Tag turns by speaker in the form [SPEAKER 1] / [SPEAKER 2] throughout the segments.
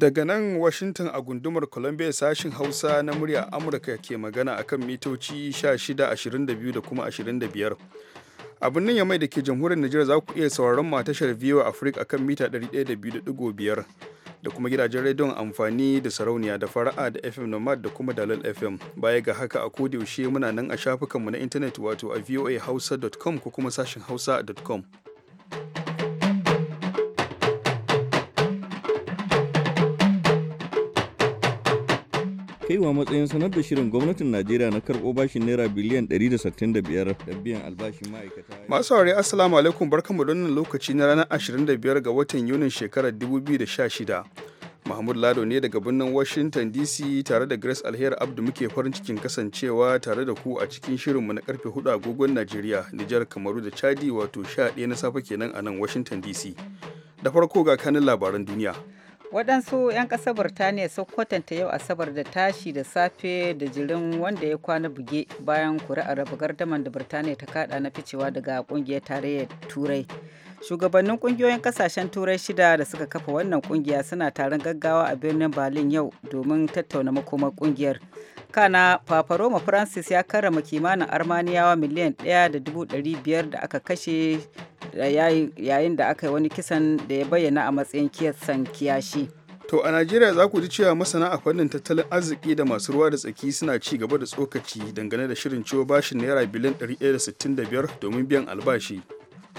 [SPEAKER 1] Daga nan Washington a gundumar Columbia sashin Hausa na murya Amurka ke magana akan mitoci 16, 22 da kuma 25. abin nan ya mai da ke jamhuriyar Nijar za ku iya sauraron matashar VOA Africa akan mita 102.5 da kuma gidajen rediyon amfani da sarauniya da fara'a da fm nomad da kuma dalal fm baya ga haka a kodiyaushe muna nan a shafukanmu na intanet wato a voahausa.com ko kuma sashin hausa.com
[SPEAKER 2] kaiwa matsayin sanar da shirin gwamnatin Najeriya na karɓo bashin naira biliyan 165 da
[SPEAKER 1] biyan albashin ma'aikata. Masu aure assalamu alaikum barkamu da wannan lokaci na ranar 25 ga watan Yunin shekarar 2016. Mahmud Lado ne daga birnin Washington DC tare da Grace Alheri Abdu muke farin cikin kasancewa tare da ku a cikin shirinmu na karfe 4 agogon Najeriya, Nijar, Kamaru da Chadi wato 11 na safe kenan a nan Washington DC. Da farko ga kanin labaran duniya.
[SPEAKER 3] waɗansu 'yan ƙasar birtaniya sun kwatanta yau asabar da tashi da safe da jirin wanda ya kwana buge bayan kuri'ar raba gardaman da birtaniya ta kaɗa na ficewa daga ƙungiyar tarayyar turai shugabannin ƙungiyoyin ƙasashen turai shida da suka kafa wannan ƙungiya suna taron gaggawa a birnin berlin yau domin tattauna makomar ƙungiyar kana papa roma francis ya karrama kimanin armaniyawa miliyan 1.500 da aka kashe yayin da aka yi wani kisan da ya bayyana a matsayin kiyasan kiyashi To a
[SPEAKER 1] Najeriya za ku ji cewa masana
[SPEAKER 3] a fannin tattalin
[SPEAKER 1] arziki da masu ruwa da tsaki suna ci gaba da tsokaci dangane da shirin ciwo bashin naira biliyan 165
[SPEAKER 4] domin biyan albashi.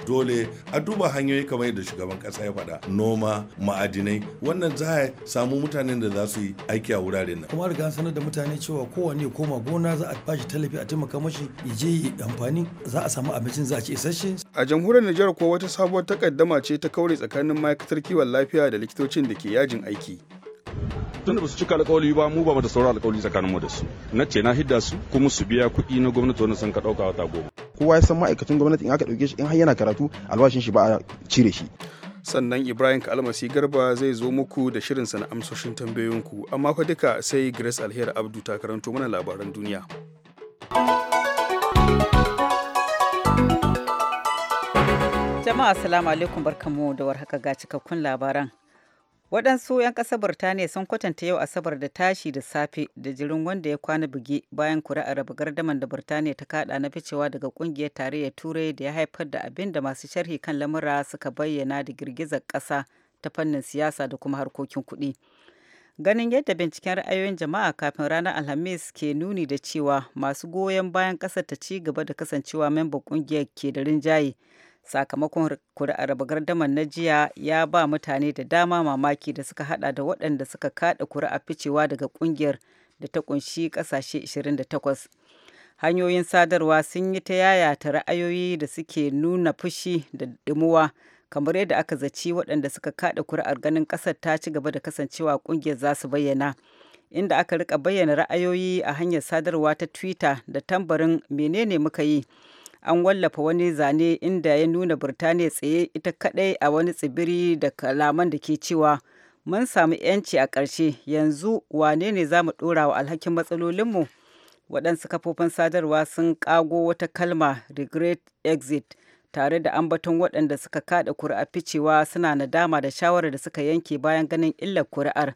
[SPEAKER 4] dole a duba hanyoyi kamar yadda shugaban kasa ya faɗa noma ma'adinai wannan za a samu mutanen da za su yi aiki a wuraren nan
[SPEAKER 5] kuma riga sanar da mutane cewa kowanne koma gona za a bashi tallafi a taimaka mashi ya je yi amfani za a samu abincin za a ci isasshe
[SPEAKER 1] a jamhuriyar Nijar ko wata sabuwar takaddama ce ta kaure tsakanin ma'aikatar kiwon lafiya da likitocin da ke yajin aiki tun da ba su cika alkawali ba mu ba mu da
[SPEAKER 6] sauran alkawali mu da su na ce na hidda su kuma su biya kuɗi na gwamnati wani san ka dauka wata goma
[SPEAKER 1] kowa ya san ma'aikacin gwamnati in aka ɗauke shi in har yana karatu albashin shi ba a cire shi sannan ibrahim kalmasi garba zai zo muku da shirin sana amsoshin tambayoyinku amma fa duka sai grace alheri abdu ta karanto mana labaran duniya
[SPEAKER 3] jama'a assalamu alaikum barkamu da warhaka ga cikakkun labaran waɗansu 'yan ƙasar birtaniya sun kwatanta yau asabar da tashi da safe da jirin wanda ya kwana buge bayan kuri'ar raba gardaman da birtaniya ta kaɗa na ficewa daga ƙungiyar tarayyar turai da ya haifar da abin da masu sharhi kan lamura suka bayyana da girgizar ƙasa ta fannin siyasa da kuma harkokin kuɗi ganin yadda binciken ra'ayoyin jama'a kafin ranar alhamis ke nuni da cewa masu goyon bayan ƙasar ta ci gaba da kasancewa memba ƙungiyar ke da rinjaye sakamakon kuri'ar gardamar na jiya ya ba mutane da dama mamaki da suka hada da waɗanda suka kaɗa kuri'a ficewa daga ƙungiyar da ta kunshi ƙasashe 28 hanyoyin sadarwa sun yi ta yaya ta ra'ayoyi da suke nuna fushi da dimuwa kamar yadda aka zaci waɗanda suka kaɗa kuri'ar ganin ƙasar ta ci gaba da kasancewa ƙungiyar za su bayyana inda aka rika bayyana ra'ayoyi a hanyar sadarwa ta twitter da tambarin menene muka yi an wallafa wani zane inda ya nuna Birtaniya tsaye ita kadai a wani tsibiri da kalaman da ke cewa mun samu 'yanci a ƙarshe yanzu wane ne za mu ɗora wa alhakin matsalolinmu waɗansu kafofin sadarwa sun ƙago wata kalma regret exit tare da ambaton waɗanda suka kada kuri'a ficewa suna nadama da shawarar da suka yanke bayan ganin illar kuri'ar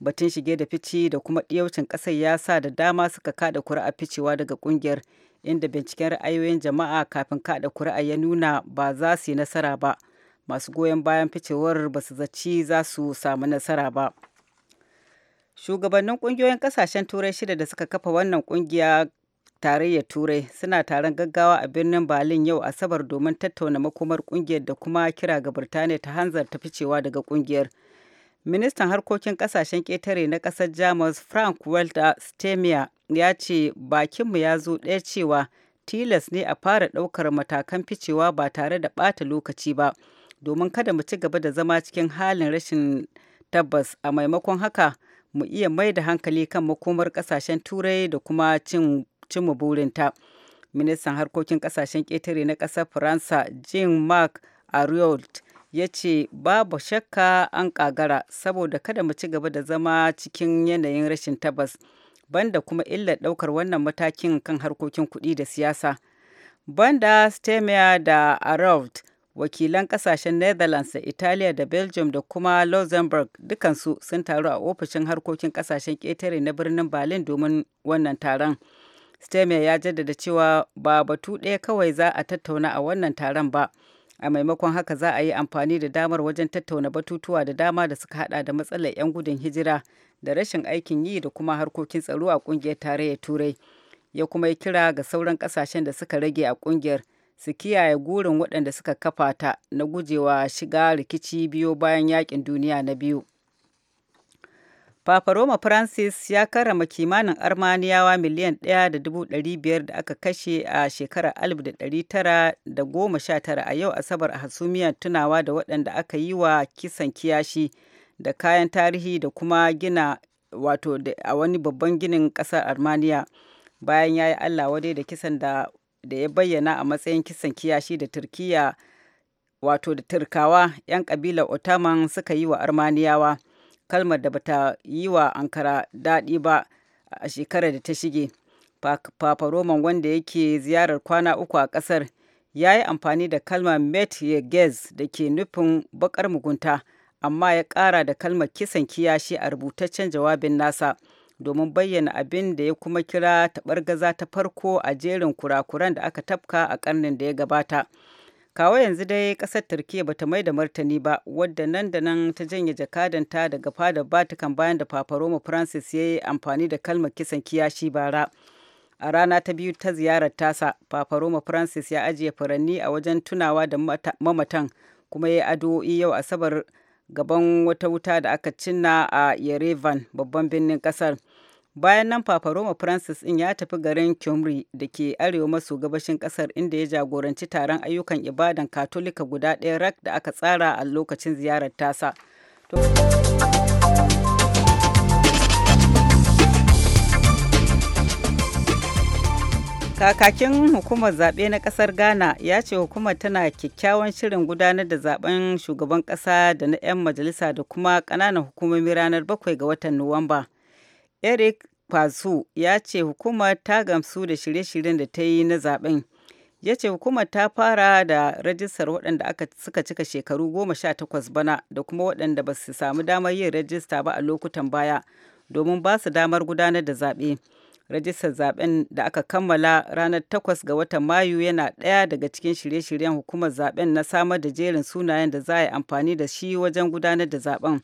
[SPEAKER 3] batun shige da fici da kuma ɗiyaucin ƙasar ya sa da dama suka kada kuri'a ficewa daga ƙungiyar inda binciken ra'ayoyin jama'a kafin kada kuri'a ya nuna ba za su yi nasara ba masu goyon bayan ficewar ba su zaci za su samu nasara ba shugabannin kungiyoyin kasashen turai shida da suka kafa wannan kungiya tarayyar turai suna taron gaggawa a birnin berlin yau asabar domin tattauna makomar kungiyar da kuma kira ga birtaniya ta hanzarta ficewa daga kungiyar Ministan harkokin kasashen ƙetare na ƙasar Jamus Frank Walter stemia ya ce bakinmu ya zo ɗaya cewa tilas ne a fara ɗaukar matakan ficewa ba tare da ɓata lokaci ba domin kada mu ci gaba da zama cikin halin rashin tabbas a maimakon haka mu iya mai da hankali kan makomar ƙasashen turai da kuma cin mu burinta ministan harkokin ƙasashen ƙetare na ƙasar faransa jean marc ariolt ya ce babu shakka an kagara saboda kada mu ci gaba da zama cikin yanayin rashin tabbas banda kuma illar daukar wannan matakin kan harkokin kuɗi da siyasa banda stemia da Aroft, wakilan kasashen netherlands da italiya da belgium da kuma luxembourg dukansu sun taru a ofishin harkokin kasashen ƙetare na birnin berlin domin wannan taron stemia ya jaddada cewa ba batu ɗaya kawai za a tattauna a wannan taron ba a maimakon haka za a yi amfani da damar wajen tattauna batutuwa da dama da suka hada da matsalar 'yan gudun hijira da rashin aikin yi da kuma harkokin tsaro a kungiyar tarayyar turai ya kuma yi kira ga sauran kasashen da suka rage a kungiyar su kiyaye gurin waɗanda suka kafa ta na gujewa shiga rikici biyo bayan yakin duniya na biyu Papa Roma Francis ya karrama kimanin Armaniyawa miliyan 1.500 da aka kashe a shekarar 1919 a yau Asabar a hasumiyar tunawa da waɗanda aka yi wa kisan kiyashi da kayan tarihi da kuma gina wato a wani babban ginin ƙasar armaniya bayan ya yi Allah wadai da kisan da ya bayyana a matsayin kisan kiyashi da Turkiya wato da Turkawa 'yan ƙabilar Ottoman suka yi wa Armaniyawa. kalmar da bata yi wa ankara daɗi ba a shekarar da ta shige papa roman wanda yake ziyarar kwana uku a ƙasar ya yi amfani da kalmar met gez da ke nufin bakar mugunta amma ya ƙara da kalmar kisan kiyashi a rubutaccen jawabin nasa domin bayyana abin da ya kuma kira taɓargaza ta farko a jerin kurakuran da aka tafka a ƙarnin da ya gabata. kawo yanzu dai kasar turkiya bata mai da martani ba wadda nan da nan ta janye jakadanta daga fadar batikan bayan da papa roma francis ya yi amfani da kalmar kisan kiyashi bara a rana ta biyu ta ziyarar tasa papa roma francis ya ajiye furanni a wajen tunawa da mamatan kuma ya yi addu'o'i yau asabar gaban wata wuta da aka cinna a yerevan babban birnin kasar bayan nan roma francis in ya tafi garin kyomri da ke arewa maso gabashin kasar inda ya jagoranci taron ayyukan ibadan katolika guda ɗaya rak da aka tsara a lokacin ziyarar tasa kakakin hukumar zaɓe na ƙasar ghana ya ce hukumar tana kyakkyawan shirin gudanar da zaɓen shugaban ƙasa da na 'yan majalisa da kuma ƙananan hukumomi ranar 7 ga watan nuwamba Eric Pazu ya ce hukumar ta gamsu da shirye-shiryen da ta yi na zaben. Ya ce hukumar ta fara da rajistar waɗanda aka suka cika shekaru goma sha takwas bana da kuma waɗanda ba su samu damar yin rajista ba a lokutan baya domin ba su damar gudanar da zaɓe. Rajistar zaɓen da aka kammala ranar takwas ga watan Mayu yana ɗaya daga cikin shirye-shiryen hukumar zaɓen na samar da jerin sunayen da za a yi amfani da shi wajen gudanar da zaben.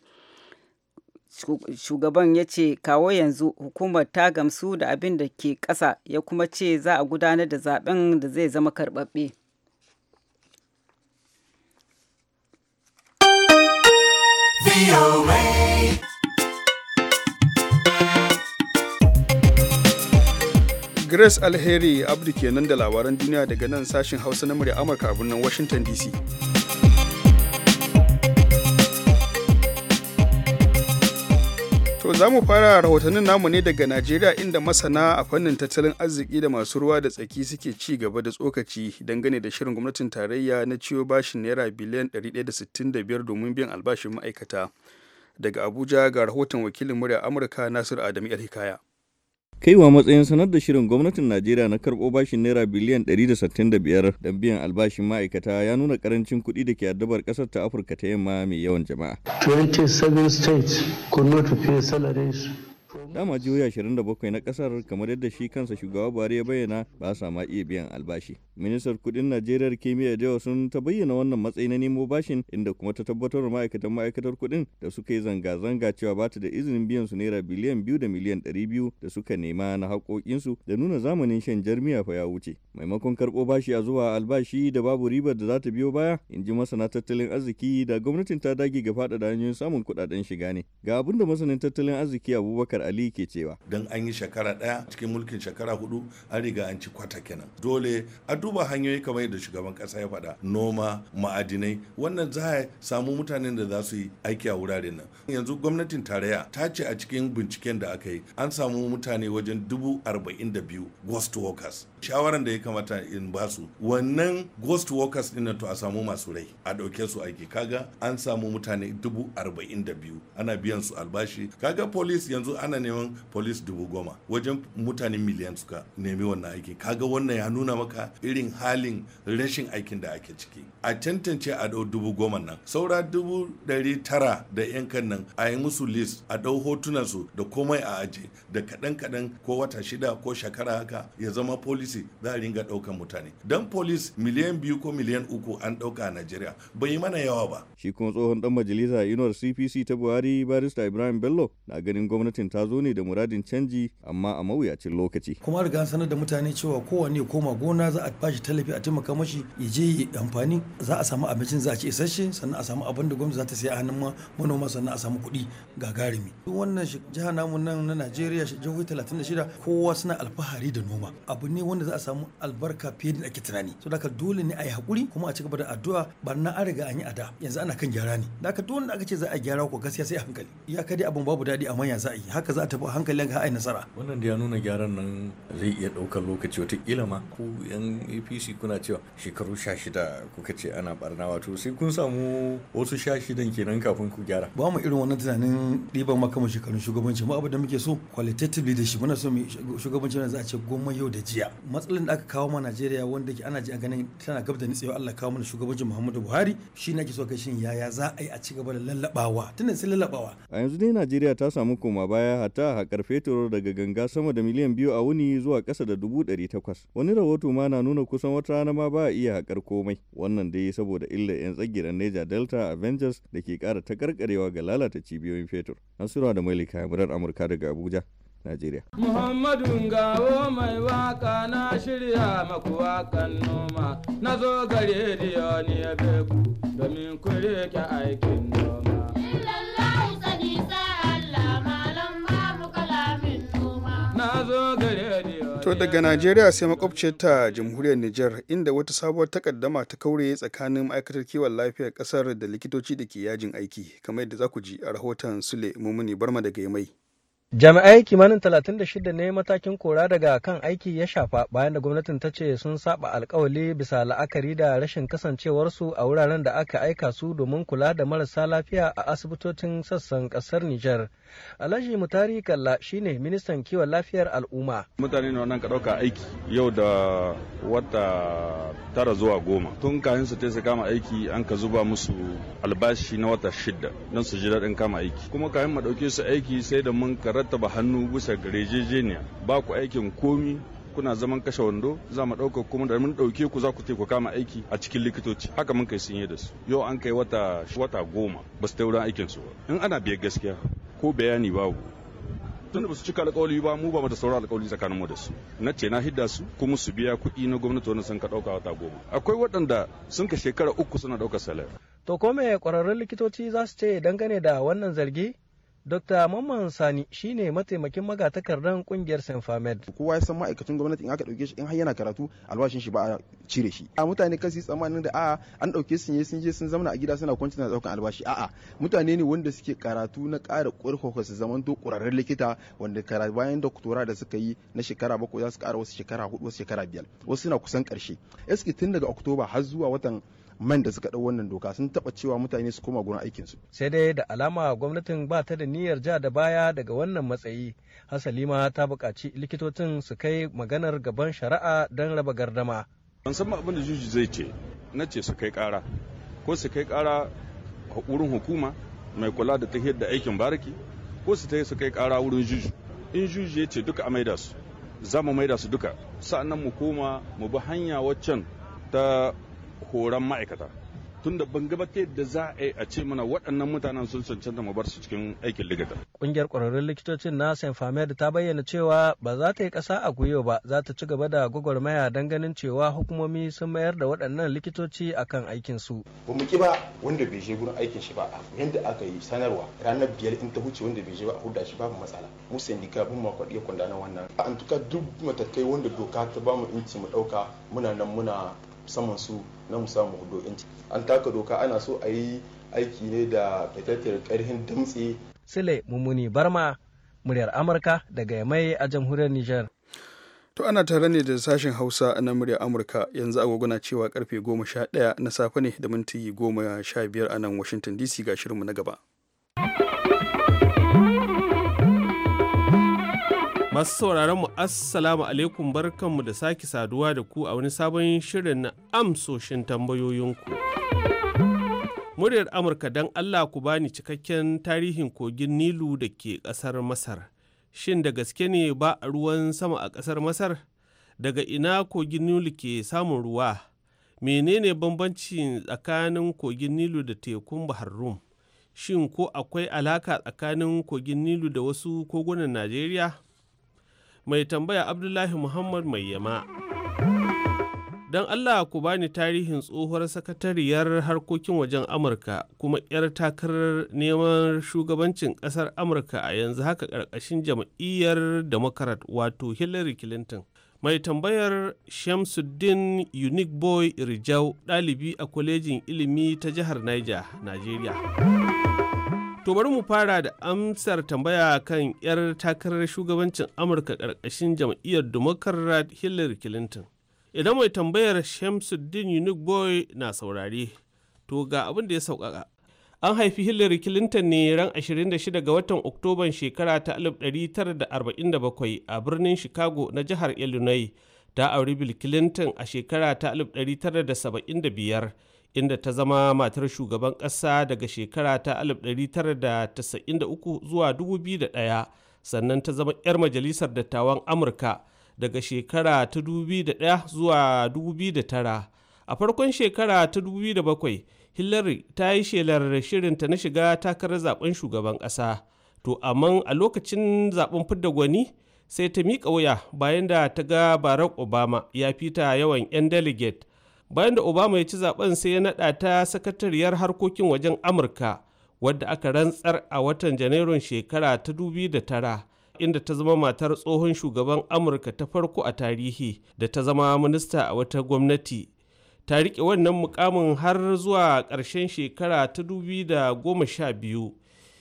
[SPEAKER 3] shugaban ya ce kawo yanzu hukumar ta gamsu da abin da ke ƙasa ya kuma ce za a gudanar da zaben da zai zama karɓaɓɓe.
[SPEAKER 1] Grace Alheri Abdu kenan da labaran duniya daga nan sashin Hausa na murya Amurka a birnin Washington DC. To za mu fara rahotannin namu ne daga Najeriya inda masana a fannin tattalin arziki da masu ruwa da tsaki suke ci gaba da tsokaci dangane da shirin gwamnatin tarayya na ciwo bashin naira biliyan 165 domin biyan albashin ma'aikata. Daga Abuja ga rahoton wakilin murya Amurka Nasir Adamu Alhikaya. hikaya
[SPEAKER 2] kaiwa matsayin sanar da shirin gwamnatin Najeriya na karɓo bashin naira biliyan 165 don biyan albashin ma'aikata ya nuna karancin kuɗi da ke addabar ƙasar ta Afirka ta yamma mai yawan jama'a. 27 states could not pay salaries dama jihohi 27 na kasar kamar yadda shi kansa shugaba buhari ya bayyana ba sa ma iya biyan albashi ministar kudin najeriya kimiyya da sun ta bayyana wannan matsayi na nemo bashin inda kuma ta tabbatar ma'aikatan ma'aikatar kudin da suka yi zanga-zanga cewa ba ta da izinin biyan su naira biliyan biyu da miliyan ɗari biyu da suka nema na haƙoƙinsu da nuna zamanin shan jarmiya fa ya wuce maimakon karɓo bashi a zuwa albashi da babu ribar da za ta biyo baya in ji masana tattalin arziki da gwamnatin ta dage ga faɗaɗa hanyoyin samun kuɗaɗen shiga ne ga abin da masanin tattalin arziki abubakar ali Buhari ke cewa. Don an yi shekara ɗaya cikin mulkin shekara hudu an riga an ci kwata kenan. Dole a duba hanyoyi
[SPEAKER 4] kamar yadda shugaban ƙasa ya faɗa noma ma'adinai wannan za a samu mutanen da za su yi aiki a wuraren nan. Yanzu gwamnatin tarayya ta ce a cikin binciken da aka yi an samu mutane wajen dubu arba'in da biyu ghost workers shawaran da ya kamata in ba su wannan ghost workers din to a samu masu rai a dauke su aiki kaga an samu mutane dubu arba'in da biyu ana biyan su albashi kaga police yanzu ana neman police dubu goma wajen mutane miliyan suka nemi wannan aiki kaga wannan ya nuna maka irin halin rashin aikin da ake ciki a tantance a dau dubu goma nan saura dubu dari tara da kan nan a yi musu list a dau hotunan su da komai a aje da kaɗan kaɗan ko wata shida ko shekara haka ya zama police polisi za a ringa ɗaukan mutane dan polis miliyan biyu ko miliyan uku an dauka a najeriya bai yi mana yawa ba
[SPEAKER 2] shi kuma tsohon dan majalisa inuwar cpc ta buhari barista ibrahim bello na ganin gwamnatin ta zo ne da muradin canji amma a mawuyacin lokaci
[SPEAKER 5] kuma riga sanar da mutane cewa kowanne koma gona za a bashi tallafi a taimaka mashi ya je yi amfani za a samu abincin za a ci isasshe sannan a samu abin da gwamnati za ta siya a hannun manoma sannan a samu kuɗi gagarumi duk wannan jiha namu nan na najeriya jihohi shida kowa suna alfahari da noma abu ne wanda wanda za a samu albarka fiye da ake tunani so daga dole ne a yi hakuri kuma a cigaba da addu'a barna an riga an yi a da yanzu ana kan gyara ne daga dole da aka ce za a gyara ko gaskiya sai a hankali ya kadi abun babu daɗi amma ya za a yi haka za a tafi hankali ga ai nasara
[SPEAKER 2] wannan da ya nuna gyaran nan zai iya ɗaukar lokaci wataƙila ma ko yan apc kuna cewa shekaru sha shida kuka ce ana barna wato sai kun samu wasu sha shidan kenan kafin ku gyara
[SPEAKER 5] ba mu irin wannan tunanin ɗiban makamu shekarun shugabanci mu abu da muke so qualitative leadership muna so shugabanci za a ce goma yau da jiya matsalolin da aka kawo ma Najeriya wanda ke ana ji a ganin tana gab da nitsewa Allah kawo mana shugabancin Muhammadu Buhari shi ne ake so shin yaya za a yi a ci gaba da
[SPEAKER 2] lallabawa tunda sai lallabawa a yanzu dai Najeriya ta samu koma baya hatta hakar fetur daga ganga sama da miliyan biyu a wuni zuwa kasa da dubu ɗari takwas wani rahoto ma na nuna kusan wata rana ma ba a iya hakar komai wannan dai saboda illar 'yan tsagiran Niger Delta Avengers da ke kara ta karkarewa ga lalata cibiyoyin fetur Nasura da Malika Murar Amurka daga Abuja Najeriya.
[SPEAKER 6] Muhammadu Gawo mai waka na shirya maku wakan noma na zo ga rediyo ni ya beku domin ku rike aikin noma. allah
[SPEAKER 7] malam mu kalamin
[SPEAKER 6] noma. na zo
[SPEAKER 1] To daga Najeriya sai makwabciyar ta jamhuriyar Nijar inda wata sabuwar takaddama ta kaure tsakanin ma'aikatar kiwon lafiyar kasar da likitoci da ke yajin aiki kamar yadda za ku ji a rahoton Sule Mumuni Barma daga Yamai.
[SPEAKER 8] Jami'ai kimanin 36 ne matakin kora daga kan aiki ya shafa bayan da gwamnatin ta ce sun saba alkawali bisa la'akari da rashin kasancewarsu a wuraren da aka aika su domin kula da marasa lafiya a asibitocin sassan kasar Nijar Alhaji Mutari Kalla shine ministan kiwon lafiyar al'umma.
[SPEAKER 6] Mutane na nan ka ɗauka aiki yau da wata tara zuwa goma. Tun kayan su su kama aiki an ka zuba musu albashi na wata shida don su ji daɗin kama aiki. Kuma kayan mu ɗauke su aiki sai da mun ka rattaba hannu bisa garejejeniya ba ku aikin komi kuna zaman kashe wando za mu ɗauka kuma da mun ɗauke ku za ku ku kama aiki a cikin likitoci haka mun kai sunye da su yau an kai wata wata goma ba su ta aikin su ba in ana biyar gaskiya ko bayani babu tunda ba su cika alkawali ba mu ba mu da sauran alkawali tsakanin mu da su na ce na hidda su kuma su biya kuɗi na gwamnati wani sun ka ɗauka wata goma akwai waɗanda sun ka shekara uku suna ɗaukar salari.
[SPEAKER 8] to ko me ƙwararrun likitoci za su ce dangane da wannan zargi Dr. Mamman Sani shine mataimakin magatakardar kungiyar Senfamed. Kowa ya san ma'aikacin gwamnati in aka dauke shi in har yana karatu albashin shi ba a cire shi.
[SPEAKER 1] A mutane kan su tsammanin da a an dauke su ne sun je sun zauna a gida suna kwanci na daukan albashi a'a mutane ne wanda suke karatu na ƙara ƙorkoka su zaman to ƙurarren likita wanda karatu bayan doktora da suka yi na shekara bakwai za su ƙara wasu shekara hudu wasu shekara biyar wasu suna kusan ƙarshe. Eski tun daga Oktoba har zuwa watan man da suka ɗau wannan doka sun taɓa cewa mutane su koma gurin aikinsu.
[SPEAKER 8] sai dai da alama gwamnatin ba ta da niyyar ja da baya daga wannan matsayi hasalima ta buƙaci likitocin su kai maganar gaban shari'a don raba gardama. ban san abin da
[SPEAKER 6] juji zai ce na ce su kai ƙara ko su kai ƙara wurin hukuma mai kula da tahiyar da aikin bariki ko su su kai ƙara wurin juji in juji ya ce duka a maida su za mu maida su duka sa'annan mu koma mu bi hanya waccan ta horon ma'aikata tunda ban gabatar da za a yi a ce mana waɗannan mutanen sun cancanta mu bar su cikin aikin likita.
[SPEAKER 8] kungiyar ƙwararrun likitocin na St. ta bayyana cewa ba za ta yi ƙasa a guyo ba za ta ci gaba da gwagwarmaya don ganin cewa hukumomi sun mayar da waɗannan likitoci a kan aikinsu.
[SPEAKER 1] Ba mu ba wanda bai je gurin aikin shi ba yadda aka yi sanarwa ranar biyar in ta huce wanda bai je ba a huda babu matsala. Mu sindika mun ma kwanda na wannan. An tuka duk matakai wanda doka ta bamu inci mu ɗauka muna nan muna saman su na musamman an taka doka ana so a yi aiki ne da
[SPEAKER 8] fitattun karhin damtse sile mummuni barma muryar amurka daga mai a jamhuriyar niger
[SPEAKER 1] to ana tare ne da sashen hausa na muryar amurka yanzu agogona cewa karfe 11 na safe ne da minti 15 a nan washington dc ga shirinmu na gaba
[SPEAKER 9] Masu sauraron mu Assalamu alaikum barkanmu da sake saduwa da ku a wani sabon shirin na amsoshin tambayoyinku. Muryar Amurka don Allah ku bani cikakken tarihin kogin Nilu da ke ƙasar Masar. Shin da gaske ne ba a ruwan sama a ƙasar Masar? Daga ina kogin Nilu ke samun ruwa? Menene bambanci tsakanin kogin Nilu da tekun Bahar Shin ko akwai alaka tsakanin kogin Nilu da wasu kogunan Najeriya? mai tambaya abdullahi muhammad mai yama don allah ku bani tarihin tsohuwar sakatariyar harkokin wajen amurka kuma 'yar takarar neman shugabancin kasar amurka a yanzu haka ƙarƙashin jam'iyyar democrat wato hillary clinton mai tambayar shamsuddin unique boy rijau ɗalibi a kwalejin ilimi ta jihar niger nigeria To bari mu fara da amsar tambaya kan 'yar takarar shugabancin Amurka ƙarƙashin jam'iyyar Democrat Hillary Clinton. Idan mai tambayar Shamsuddin Unique Boy na saurare, to ga abin da ya sauƙaƙa. An haifi Hillary Clinton ne ran 26 ga watan Oktoban shekara ta 1947 a birnin Chicago na jihar Illinois. Ta auri Bill Clinton a shekara ta 1975. inda ta zama matar shugaban ƙasa daga shekara ta 1993 zuwa 2001 sannan ta zama 'yar majalisar dattawan amurka daga shekara ta 2001 zuwa 2009 a farkon shekara ta 2007 hillary ta yi shelar shirinta na shiga takarar zaben shugaban ƙasa to amma a lokacin zaben fidda gwani sai ta miƙa wuya bayan da ta ga barack obama ya fita yawan 'yan delegate bayan da obama ya ci zaben sai ya naɗa ta sakatariyar harkokin wajen amurka wadda aka rantsar a watan janairun shekara ta da tara inda ta zama matar tsohon shugaban amurka ta farko a tarihi da ta zama minista a wata gwamnati ta rike wannan mukamin har zuwa ƙarshen shekara ta da goma sha biyu.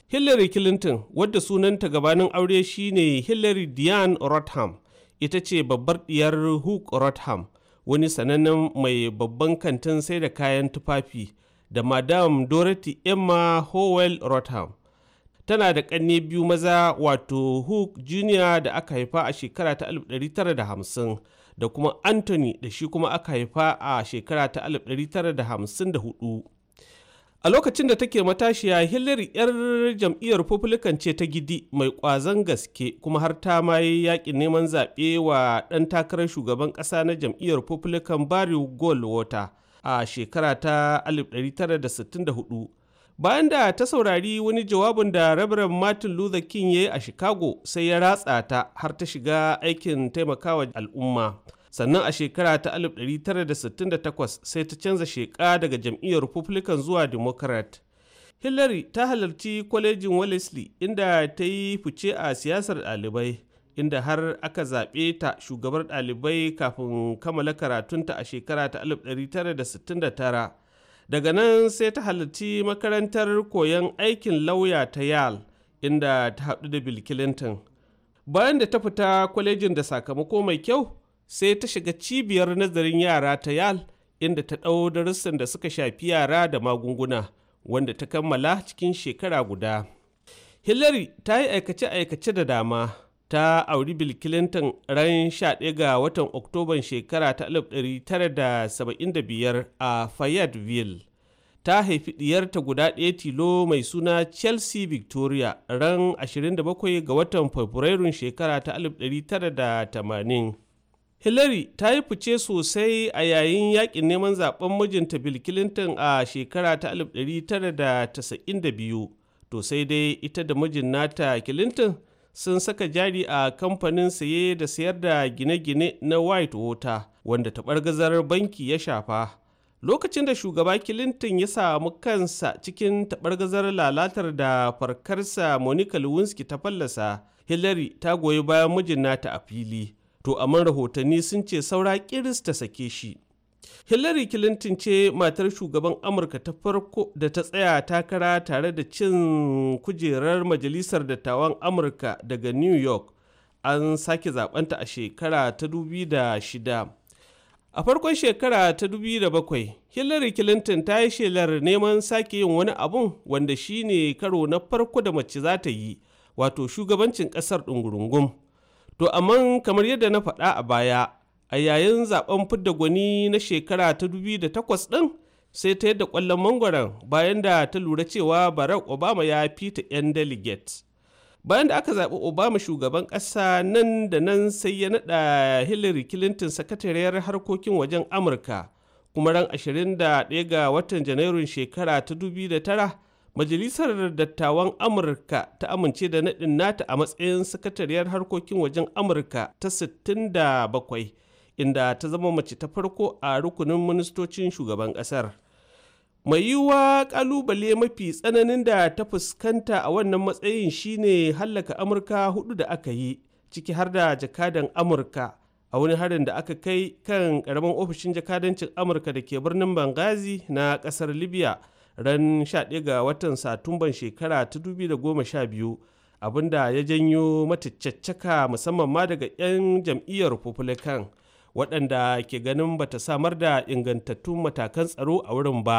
[SPEAKER 9] hillary clinton wadda sunanta gabanin aure shine hillary diane rotham ita ce babbar diyar hook rotham wani sanannen mai babban kantin sai da kayan tufafi da madam dorothy emma howell rotham tana da ƙanne biyu maza wato hook jr da aka haifa a shekara ta 1950 da kuma anthony da shi kuma aka haifa a shekara ta 1954 A lokacin da take matashiya Hillary 'yar jam'iyyar Republican ce ta gidi mai ƙwazon gaske kuma har ta maye yaƙin neman zaɓe wa ɗan takarar shugaban ƙasa na jam'iyyar Republican Barry Goldwater a shekara ta 1964. Bayan da ta saurari wani jawabin da Reverend Martin Luther King ya yi a Chicago sai ya ratsa ta har ta shiga aikin taimakawa al'umma. sannan a shekara ta 1968 sai ta canza sheka daga jam'iyyar republican zuwa democrat hillary ta halarci kwalejin wellesley inda ta yi fice a siyasar ɗalibai inda har aka zaɓe ta shugabar ɗalibai kafin kammala karatunta a shekara ta 1969 daga nan sai ta halarci makarantar koyon aikin lauya ta yale inda ta haɗu da bill clinton bayan da ta fita kwalejin da sakamako mai kyau sai ta shiga cibiyar nazarin yara ta yal inda ta ɗau darussan da suka shafi yara da magunguna wanda ta kammala cikin shekara guda hillary ta yi aikace-aikace da dama ta auri bill clinton ran 11 ga watan oktoban shekara ta 1975 a fayetteville ta haifi ɗiyarta guda ɗaya tilo mai suna chelsea victoria ran 27 ga watan fabrairun shekara ta 1980 Hillary ta yi fice sosai a yayin yakin neman zaben mijinta Bill Clinton a shekara ta 1992, to sai dai ita da mijin nata Clinton sun saka jari a kamfanin saye da sayar da gine-gine na White Water wanda taɓargazar banki ya shafa. Lokacin da shugaba Clinton ya samu kansa cikin taɓargazar lalatar da farkarsa Monica Lewinsky ta fallasa, Hillary ta goyi bayan mijin nata a fili. to amma rahotanni sun ce saura kiris ta sake shi hillary clinton ce matar shugaban amurka ta farko da ta tsaya takara tare da cin kujerar majalisar dattawan amurka daga new york an sake zabanta a shekara ta da shida. a farkon shekara ta da bakwai, hillary clinton ta yi shelar neman sake yin wani abun wanda shine karo na farko da mace za ta yi wato shugabancin kasar ɗungurungun To amma kamar yadda na faɗa a baya a yayin zaben fidda gwani na shekara ta 2008 ɗin sai ta yadda ƙwallon mangwaron bayan da ta lura cewa Barack Obama ya fita 'yan delegate. Bayan da aka zaɓi Obama shugaban ƙasa nan da nan sai ya naɗa Hillary Clinton sakatariyar harkokin wajen Amurka kuma ran 21 ga watan Janairun shekara ta tara. Majalisar Dattawan Amurka ta amince da naɗin nata a matsayin sakatariyar harkokin wajen Amurka ta 67 inda ta zama mace ta farko a rukunin ministocin shugaban ƙasar. Mai yiwuwa ƙalubale mafi tsananin da ta fuskanta a wannan matsayin shine hallaka Amurka hudu da aka yi, ciki har da jakadan Amurka a wani harin da aka kai kan ƙaramin ofishin jakadancin Amurka da ke birnin Bangazi na ƙasar Libya. ran 11 ga watan satumban shekara ta 2012 abinda ya janyo matacaccaka musamman ma daga 'yan jam'iyyar republican waɗanda ke ganin bata samar da ingantattun matakan tsaro a wurin ba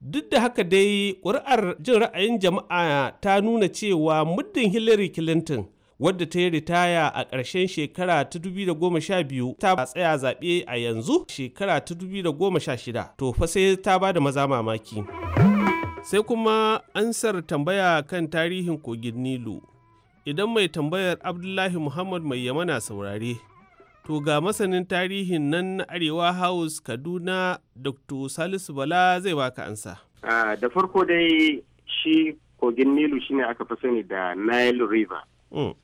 [SPEAKER 9] duk da haka dai ƙuri'ar jin ra'ayin jama'a ta nuna cewa muddin hillary clinton wadda ta yi ritaya a ƙarshen shekara ta 2012 ta tsaya zaɓe a yanzu shekara ta 2016 to fa sai ta ba da maza mamaki sai kuma ansar tambaya kan tarihin kogin nilu idan mai tambayar abdullahi muhammad mai yamana saurare to ga masanin tarihin nan na arewa house kaduna dr salisu bala zai baka ansa
[SPEAKER 7] da farko dai shi kogin nilu shine aka fi sani da nile river mm.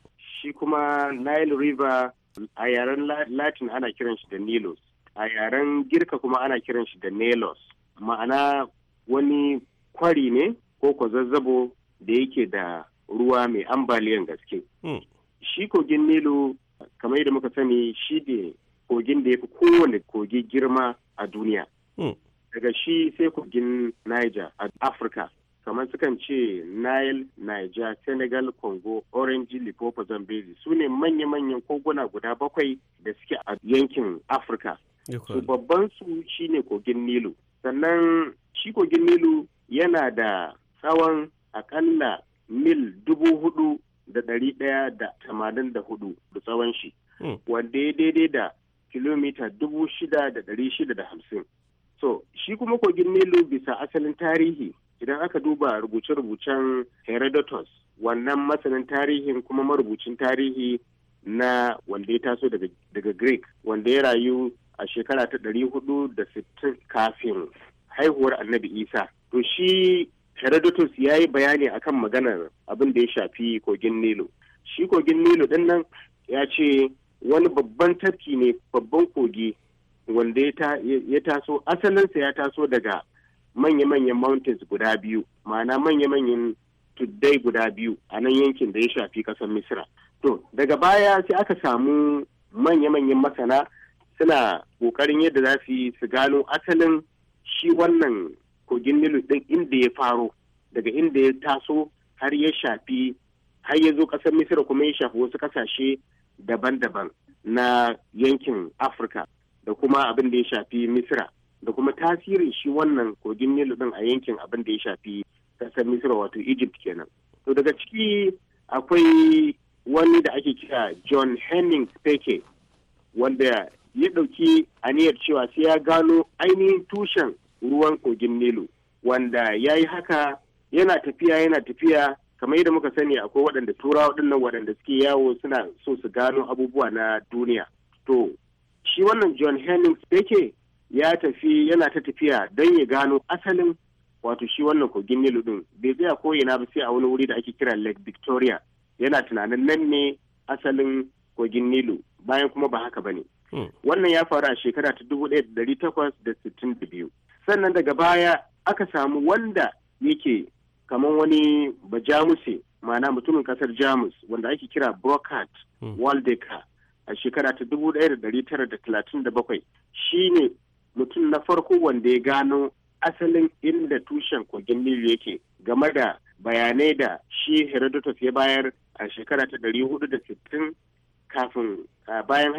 [SPEAKER 7] shi kuma nile river a yaren latin ana kiran shi da nilos a yaren girka kuma ana kiran shi da nelos ma'ana wani kwari ne ko kwazazzabo da yake da ruwa mai ambaliyan gaske hmm. shi kogin nilo kamar yadda muka sani shi ne kogin da ya fi kowane kogi girma a duniya hmm. daga shi sai kogin niger a afirka kamar sukan ce nile niger senegal congo orange lipopo zambezi su ne manya-manyan koguna guda bakwai da suke a yankin afirka su babban su shine kogin nilu sannan shi kogin nilu yana da tsawon akalla mil dubu hudu da dari daya da tamanin da hudu da tsawon shi hmm. wanda ya daidai da kilomita dubu shida da dari shida da hamsin so shi kuma kogin nilu bisa asalin tarihi idan aka duba rubuce-rubucen herodotus wannan masanin tarihin kuma marubucin tarihi na wanda ya taso daga greek wanda ya rayu a shekara ta ɗari hudu da sittin kafin haihuwar annabi isa to shi herodotus ya yi bayani akan maganar abin da ya shafi kogin nilo shi kogin nilo din nan ya ce wani babban tafki ne babban kogi wanda ya taso asalinsa ya taso daga manya-manyan mountains guda biyu ma'ana manya-manyan tuddai guda biyu a nan yankin da ya shafi kasar misira to daga baya sai aka samu manya-manyan masana suna ƙoƙarin yadda za su yi su gano asalin shi wannan kogin nilu ɗin inda ya faro daga inda ya taso har ya shafi har ya zo ƙasar misira kuma ya shafi wasu kasashe daban-daban na yankin afirka da kuma abin da ya shafi misira da kuma tasirin shi wannan kogin nilu din a yankin abin da ya shafi kasar misira wato egypt kenan to daga ciki akwai wani da ake kira john henning speke wanda ya ɗauki aniyar cewa sai ya gano ainihin tushen ruwan kogin nilu wanda ya yi haka yana tafiya yana tafiya kamar yadda muka sani akwai waɗanda turawa waɗannan waɗanda suke yawo suna so su gano abubuwa na duniya to shi wannan john henning speke ya tafi yana ta tafiya don ya gano asalin wato shi wannan kogin nilu din bai tsaya ko ina ba sai a wani wuri da ake kira lake victoria yana tunanin nan ne asalin kogin nilu bayan kuma ba haka ba ne hmm. wannan ya faru a shekara ta dubu ɗaya da takwas da sittin da biyu sannan daga baya aka samu wanda yake kamar wani ba bajamuse ma'ana mutumin kasar jamus wanda ake kira brokat hmm. waldeka a shekara ta dubu ɗaya da tara da talatin da bakwai shine mutum na farko wanda ya gano asalin inda tushen kogin nilu yake game da bayanai da shi herodotus ya bayar a shekara ta dari hudu da sittin bayan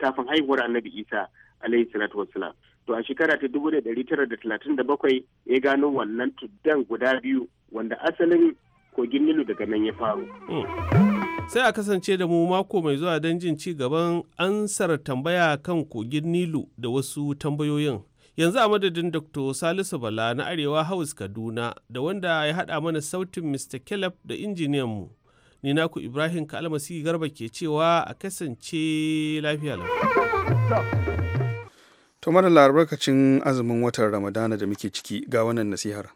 [SPEAKER 7] kafin haihuwar annabi isa alaihi salatu wassalam to a shekara ta dubu da dari tara da talatin da bakwai ya gano wannan tuddan guda biyu wanda asalin kogin nilu daga nan ya faru.
[SPEAKER 9] Hmm. Sai a kasance da mu mako mai zuwa don jin ci gaban ansar tambaya kan kogin Nilu da wasu tambayoyin. Yanzu a madadin Dr. Salisu Bala na Arewa House Kaduna da wanda ya haɗa mana sautin Mr. Caleb da injiniyan mu. Ni naku Ibrahim Kalmasi Garba ke cewa a kasance lafiya
[SPEAKER 1] To mara albarkacin azumin watan Ramadana da muke ciki ga wannan nasihar.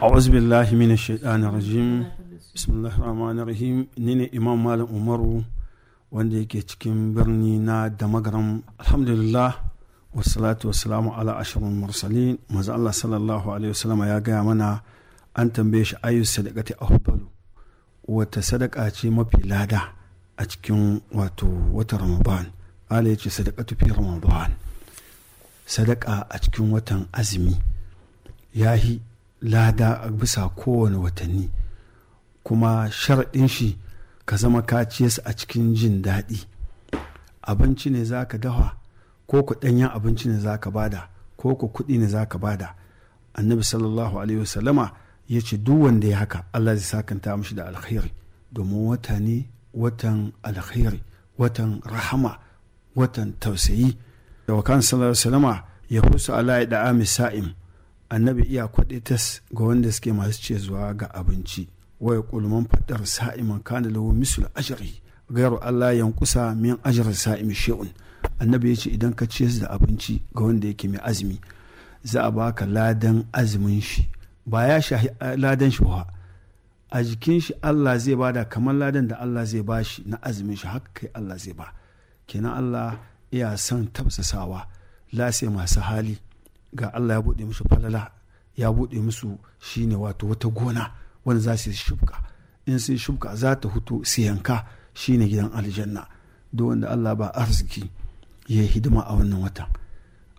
[SPEAKER 10] A'udhu billahi minash shaitanir rajim. bismillah rahman rahim ni ne imam malam umaru wanda yake cikin birni na damagaram alhamdulillah wasalatu wasalamu ala ashirin mursalin maza Allah sallallahu alaihi wasallama ya gaya mana an tambaye shi ayu sadaqati afdalu wata sadaka ce mafi lada a cikin wato wata ramadan ala ce sadakatu fi ramadan sadaka a cikin watan azumi yi lada a bisa kowane watanni kuma sharaɗin shi ka zama ka su a cikin jin daɗi abinci ne za ka dafa ko ku ɗanyen abinci ne za ka bada ko ku kuɗi ne za ka bada annabi sallallahu alaihi wasallama ya ce duk wanda ya haka allah zai sakanta mishi da alkhairi domin wata ne watan alkhairi watan rahama watan tausayi da wakan sallallahu wasallama ya husu ala da sa'im annabi iya kwaɗe tas ga wanda suke masu ce zuwa ga abinci wa yaqulu man faddar sa'iman kana lahu mislu ajri ghayru Allah yankusa min ajri sa'imi shay'un annabi yace idan ka ciyar da abinci ga wanda yake mai azumi za a baka ladan azumin shi ba ya shahi ladan shi ba a jikin shi Allah zai bada kamar ladan da Allah zai ba shi na azumin shi haka kai Allah zai ba kenan Allah iya son tafsasawa lase masu hali ga Allah ya buɗe musu falala ya buɗe musu shine wato wata gona wanda za su shubka in sun shubka za ta hutu su yanka shine gidan aljanna duk wanda Allah ba arziki ya yi hidima a wannan watan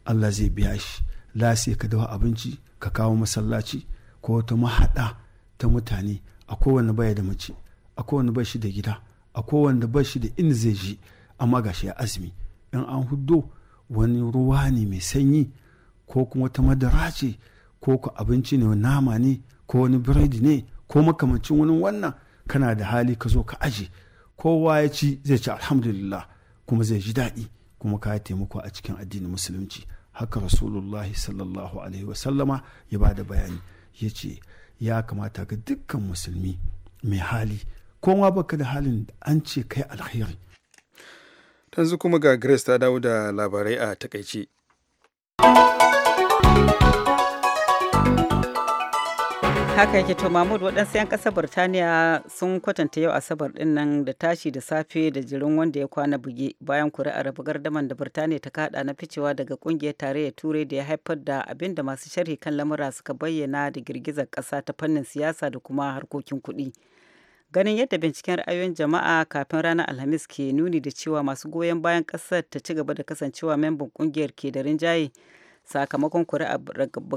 [SPEAKER 10] Allah zai biya shi la sai ka dawa abinci ka kawo masallaci ko wata mahaɗa ta mutane a kowane baya da mace a kowane ba shi da gida a kowane ba shi da inda zai ji amma gashi ya azumi in an huddo wani ruwa ne mai sanyi ko kuma wata madara ce ko ku abinci ne nama ne ko wani biredi ne ko makamancin wani wannan kana da hali ka zo ka aje kowa ya ci zai ci alhamdulillah kuma zai ji daɗi kuma ka taimako a cikin addinin musulunci haka rasulullahi sallallahu alaihi wasallama ya ba da bayani ya ce ya kamata ga dukkan musulmi mai hali kowa baka da halin da an ce kai alkhairi
[SPEAKER 1] yanzu kuma ga grace ta dawo da labarai a takaice
[SPEAKER 3] haka yake to mahmud waɗansu 'yan ƙasar birtaniya sun kwatanta yau asabar ɗin da tashi da safe da jirin wanda ya kwana buge bayan kuri'ar raba gardaman da birtaniya ta kada na ficewa daga ƙungiyar tarayyar turai da ya haifar da abin da masu sharhi kan lamura suka bayyana da girgizar ƙasa ta fannin siyasa da kuma harkokin kuɗi ganin yadda binciken ra'ayoyin jama'a kafin ranar alhamis ke nuni da cewa masu goyon bayan ƙasar ta ci gaba da kasancewa memban ƙungiyar ke da rinjaye sakamakon kuri'a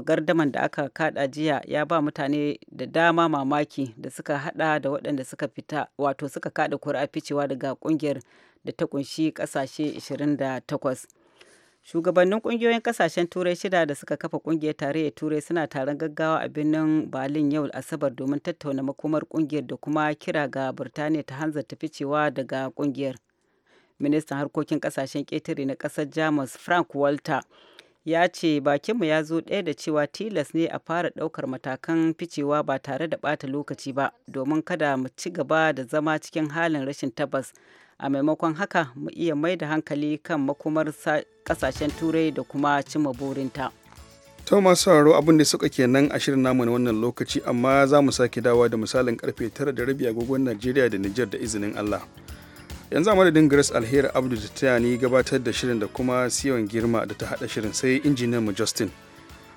[SPEAKER 3] gardaman da aka kada jiya ya ba mutane da dama mamaki da suka hada da waɗanda suka fita wato suka kada kuri'a ficewa daga kungiyar da ta kunshi kasashe 28 shugabannin kungiyoyin kasashen turai shida da suka kafa kungiyar tarayyar turai suna taron gaggawa a birnin berlin yau asabar domin tattauna makomar kungiyar da kuma kira ga birtaniya ta hanzarta ficewa daga kungiyar ministan harkokin kasashen ƙetare na ƙasar jamus frank walter ya ce bakinmu ya zo ɗaya da cewa tilas ne a fara ɗaukar matakan ficewa ba tare da ɓata lokaci ba domin kada mu ci gaba da zama cikin halin rashin tabbas a maimakon haka mu iya mai da hankali kan makomar ƙasashen turai da kuma cimma burinta.
[SPEAKER 1] To masu sauraro abin da suka kenan a shirin namu na wannan lokaci amma za mu sake dawa da misalin karfe tara da rabi agogon Najeriya da Nijar da izinin Allah. yanzu a madadin grace alheri abdu da ta ni gabatar da shirin da kuma siyon girma da ta hada shirin sai injiniyan mu justin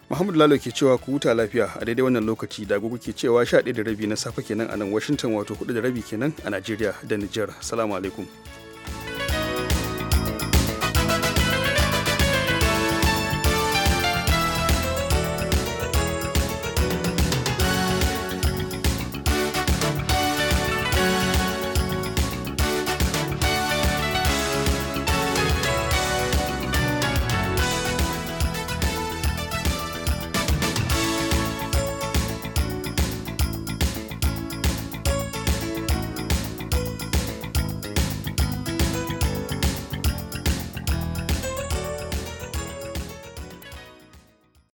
[SPEAKER 1] muhammadu lalo ke cewa ku huta lafiya a daidai wannan lokaci da gugu ke cewa sha ɗaya da rabi na safe kenan a nan washington wato hudu da rabi kenan a najeriya da niger salamu alaikum